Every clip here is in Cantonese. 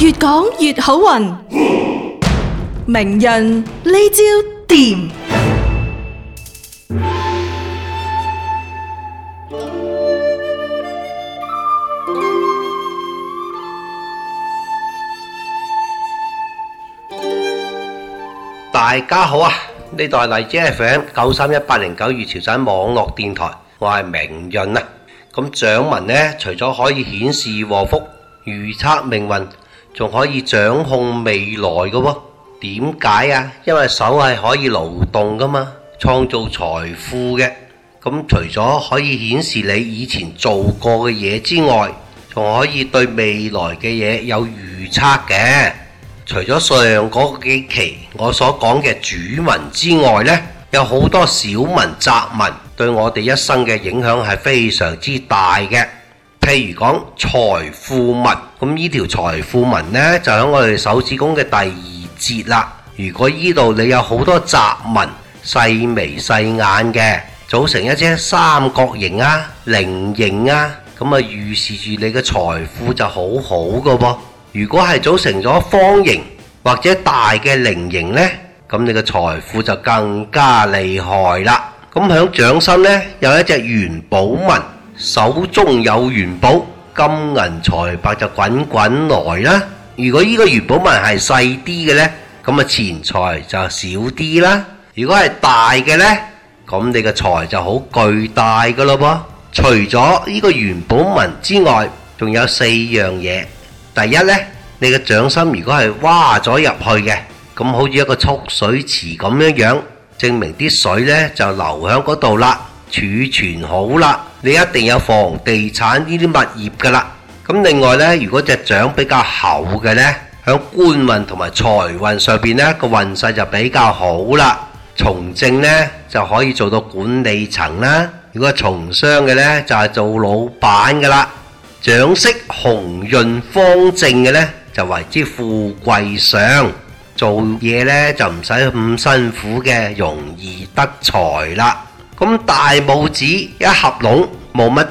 越講越好運，明潤呢招掂。大家好啊，呢度係荔枝 FM 九三一八零九二潮汕網絡電台，我係明潤啊。咁掌紋呢，除咗可以顯示禍福、預測命運，仲可以掌控未來㗎喎？點解啊？因為手係可以勞動噶嘛，創造財富嘅。咁除咗可以顯示你以前做過嘅嘢之外，仲可以對未來嘅嘢有預測嘅。除咗上嗰幾期我所講嘅主紋之外咧，有好多小紋、雜紋對我哋一生嘅影響係非常之大嘅。譬如講財富紋，咁呢條財富紋呢，就喺我哋手指公嘅第二節啦。如果呢度你有好多雜紋，細眉細眼嘅，組成一隻三角形啊、菱形啊，咁啊預示住你嘅財富就好好嘅噃。如果係組成咗方形或者大嘅菱形呢，咁你嘅財富就更加厲害啦。咁響掌心呢，有一隻元寶紋。手中有元寶，金銀財帛就滾滾來啦。如果呢個元寶紋係細啲嘅呢，咁啊錢財就少啲啦。如果係大嘅呢，咁你嘅財就好巨大噶咯噃。除咗呢個元寶紋之外，仲有四樣嘢。第一呢，你嘅掌心如果係挖咗入去嘅，咁好似一個蓄水池咁樣樣，證明啲水呢就流喺嗰度啦，儲存好啦。你一定有房地產呢啲物業噶啦。咁另外呢，如果隻掌比較厚嘅呢，響官運同埋財運上邊呢，個運勢就比較好啦。從政呢，就可以做到管理層啦。如果從商嘅呢，就係做老闆噶啦。掌色紅潤方正嘅呢，就為之富貴相，做嘢呢，就唔使咁辛苦嘅，容易得財啦。咁大拇指一合攏。冇乜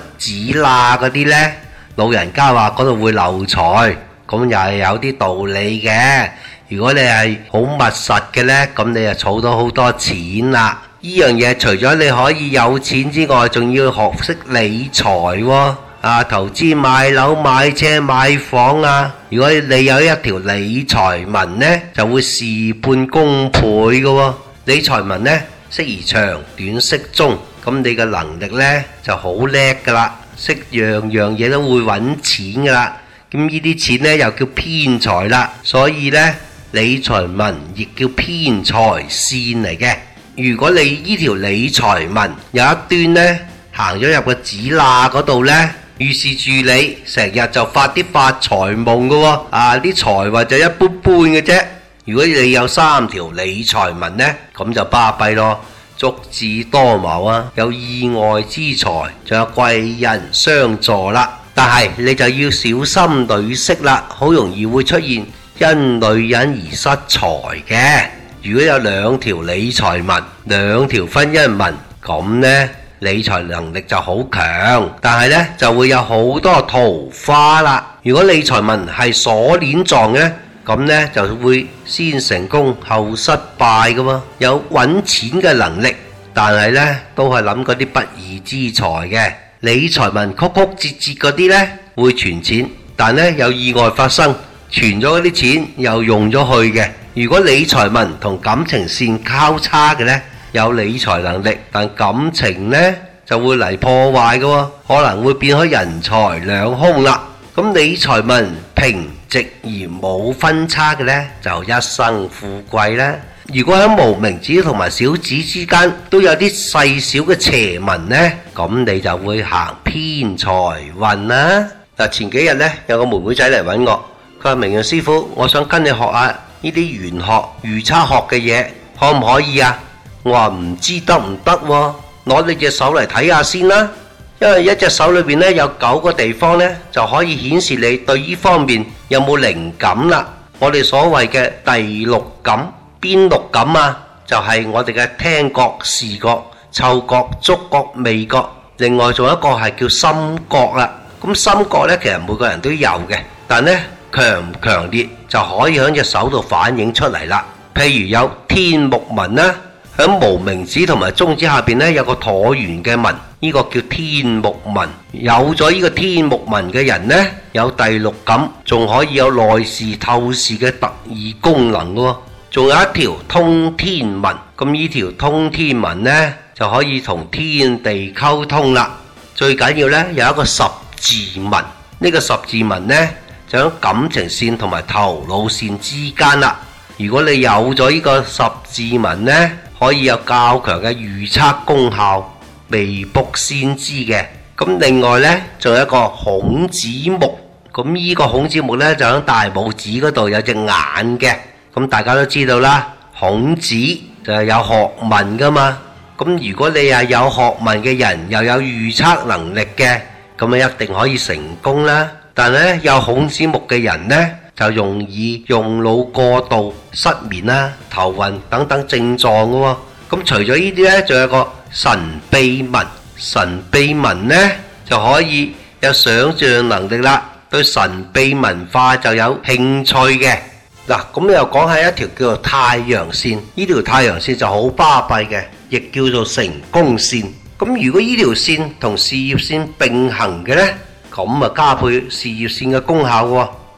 子啦，嗰啲呢，老人家話嗰度會漏財，咁又係有啲道理嘅。如果你係好密實嘅呢，咁你就儲到好多錢啦。呢樣嘢除咗你可以有錢之外，仲要學識理財喎、啊。啊，投資買樓、買車、買房啊，如果你有一條理財紋呢，就會事半功倍嘅、啊。理財紋呢，適宜長短適中。咁你嘅能力呢，就好叻噶啦，識樣樣嘢，都會揾錢噶啦。咁呢啲錢呢，又叫偏財啦，所以呢，理財紋亦叫偏財線嚟嘅。如果你呢條理財紋有一端呢，行咗入個指罅嗰度呢，預示住你成日就發啲發財夢噶，啊，啲財運就一般般嘅啫。如果你有三條理財紋呢，咁就巴閉咯。足智多謀啊，有意外之財，仲有貴人相助啦。但係你就要小心女色啦，好容易會出現因女人而失財嘅。如果有兩條理財文，兩條婚姻文，咁呢理財能力就好強，但係呢就會有好多桃花啦。如果理財文係鎖鏈狀呢？咁呢就會先成功後失敗噶喎，有搵錢嘅能力，但係呢都係諗嗰啲不義之財嘅。理財紋曲曲折折嗰啲呢，會存錢，但呢有意外發生，存咗嗰啲錢又用咗去嘅。如果理財紋同感情線交叉嘅呢，有理財能力，但感情呢就會嚟破壞噶，可能會變開人財兩空啦。咁理財紋平直而冇分叉嘅咧，就一生富貴啦。如果喺無名指同埋小指之間都有啲細小嘅斜紋咧，咁你就會行偏財運啦。嗱，前幾日咧有個妹妹仔嚟搵我，佢話：明耀師傅，我想跟你學下呢啲玄學預測學嘅嘢，可唔可以啊？我話唔知得唔得喎，攞你隻手嚟睇下先啦。因為一隻手裏面呢，有九個地方呢，就可以顯示你對呢方面有冇靈感啦。我哋所謂嘅第六感、邊六感啊，就係、是、我哋嘅聽覺、視覺、嗅覺、觸覺、味覺，另外仲有一個係叫心覺啊。咁心覺呢，其實每個人都有嘅，但呢，咧強唔強烈就可以喺隻手度反映出嚟啦。譬如有天目紋啦。喺無名指同埋中指下邊呢，有個橢圓嘅紋，呢個叫天目紋。有咗呢個天目紋嘅人呢，有第六感，仲可以有內視透視嘅特異功能嘅。仲有一條通天紋，咁呢條通天紋呢，就可以同天地溝通啦。最緊要呢，有一個十字紋，呢個十字紋呢，就喺感情線同埋頭腦線之間啦。如果你有咗呢個十字紋呢，可以有較強嘅預測功效，未卜先知嘅。咁另外呢，仲有一個孔子目。咁呢個孔子目呢，就喺大拇指嗰度有隻眼嘅。咁大家都知道啦，孔子就係有學問噶嘛。咁如果你係有學問嘅人，又有預測能力嘅，咁啊一定可以成功啦。但係呢，有孔子目嘅人呢。就容易用腦過度、失眠啦、頭暈等等症狀噶咁除咗呢啲咧，仲有個神秘文，神秘文咧就可以有想象能力啦，對神秘文化就有興趣嘅。嗱，咁又講下一條叫做太陽線，呢條太陽線就好巴閉嘅，亦叫做成功線。咁如果呢條線同事業線並行嘅咧，咁啊加倍事業線嘅功效。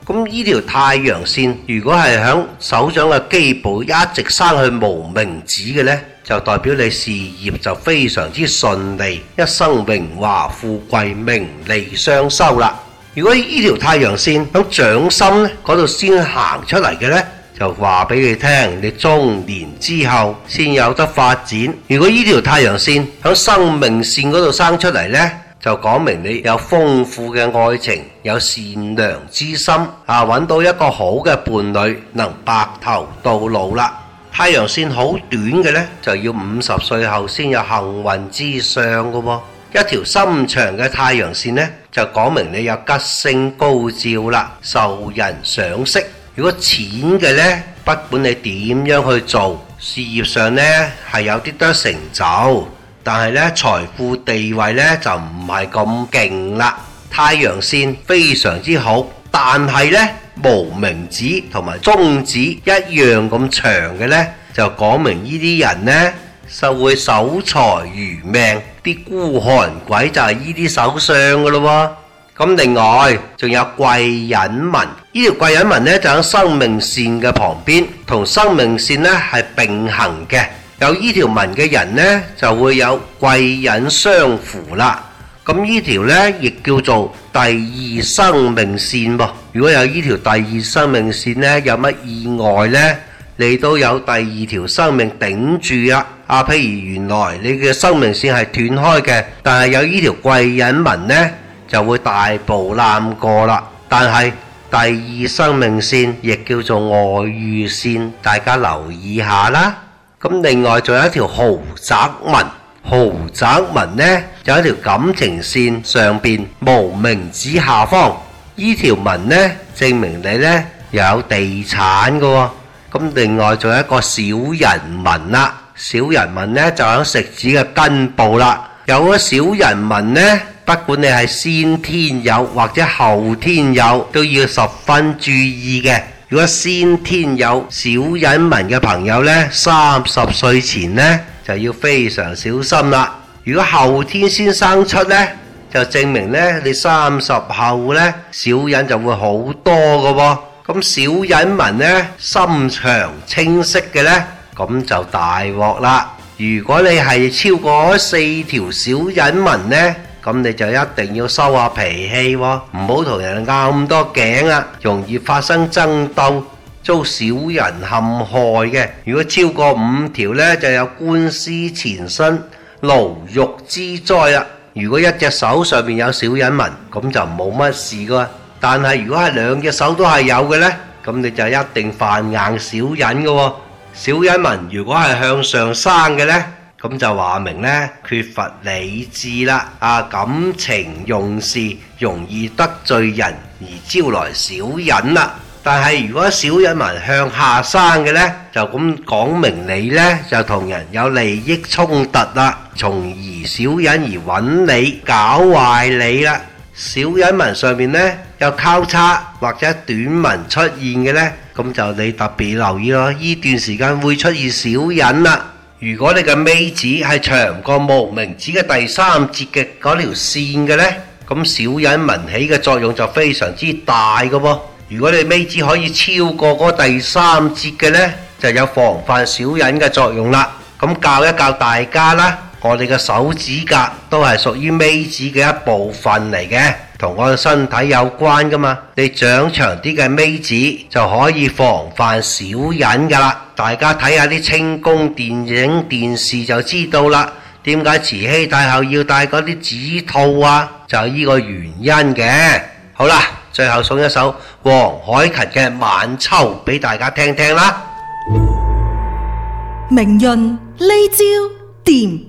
咁呢條太陽線如果係響手掌嘅基部一直生去無名指嘅呢，就代表你事業就非常之順利，一生榮華富貴、名利雙收啦。如果呢條太陽線響掌心嗰度先行出嚟嘅呢，就話俾你聽，你中年之後先有得發展。如果呢條太陽線響生命線嗰度生出嚟呢。就講明你有豐富嘅愛情，有善良之心，啊，搵到一個好嘅伴侶，能白頭到老啦。太陽線好短嘅呢，就要五十歲後先有幸運之相噶、啊。一條深長嘅太陽線呢，就講明你有吉星高照啦，受人賞識。如果淺嘅呢，不管你點樣去做，事業上呢，係有啲多成就。但係咧，財富地位咧就唔係咁勁啦。太陽線非常之好，但係咧無名指同埋中指一樣咁長嘅咧，就講明呢啲人咧就會守財如命，啲孤寒鬼就係呢啲手相噶咯喎。咁另外仲有貴人紋，這個、貴人紋呢條貴人紋咧就喺生命線嘅旁邊，同生命線咧係並行嘅。有呢條紋嘅人呢，就會有貴人相扶啦。咁呢條呢，亦叫做第二生命線噃。如果有呢條第二生命線呢，有乜意外呢，你都有第二條生命頂住啦。啊，譬如原來你嘅生命線係斷開嘅，但係有呢條貴人紋呢，就會大步躝過啦。但係第二生命線亦叫做外遇線，大家留意下啦。咁另外仲有一條豪宅紋，豪宅紋呢就一條感情線上邊無名指下方，這條紋呢條紋呢證明你呢有地產嘅，咁另外仲有一個小人紋啦，小人紋呢就喺食指嘅根部啦，有一小人紋呢，不管你係先天有或者後天有，都要十分注意嘅。如果先天有小隱紋嘅朋友呢，三十歲前呢，就要非常小心啦。如果後天先生出呢，就證明呢，你三十後呢，小隱就會好多嘅喎、啊。咁小隱紋呢，深長清晰嘅呢，咁就大鑊啦。如果你係超過四條小隱紋呢。咁你就一定要收下脾氣喎、哦，唔好同人拗咁多頸啊，容易發生爭鬥，遭小人陷害嘅。如果超過五條呢，就有官司纏身、牢獄之災啦、啊。如果一隻手上面有小隱紋，咁就冇乜事噶、啊。但係如果係兩隻手都係有嘅呢，咁你就一定犯硬小隱嘅喎、哦。小隱紋如果係向上生嘅呢，咁就話明呢缺乏理智啦，啊，感情用事，容易得罪人而招來小人啦。但係如果小人紋向下生嘅呢，就咁講明你呢，就同人有利益衝突啦，從而小人而揾你搞壞你啦。小人紋上面呢，有交叉或者短紋出現嘅呢，咁就你特別留意咯。呢段時間會出現小人啦。如果你嘅尾指係長過無名指嘅第三節嘅嗰條綫嘅呢，咁小人紋起嘅作用就非常之大嘅噃，啊。如果你尾指可以超過嗰第三節嘅呢，就有防範小人嘅作用啦。咁教一教大家啦，我哋嘅手指甲都係屬於尾指嘅一部分嚟嘅，同我嘅身體有關噶嘛。你長長啲嘅尾指就可以防範小人噶啦。大家睇下啲清宮電影、電視就知道啦。點解慈禧太后要戴嗰啲紙套啊？就係呢個原因嘅。好啦，最後送一首黃凱芹嘅《晚秋》俾大家聽聽啦。明潤呢招掂。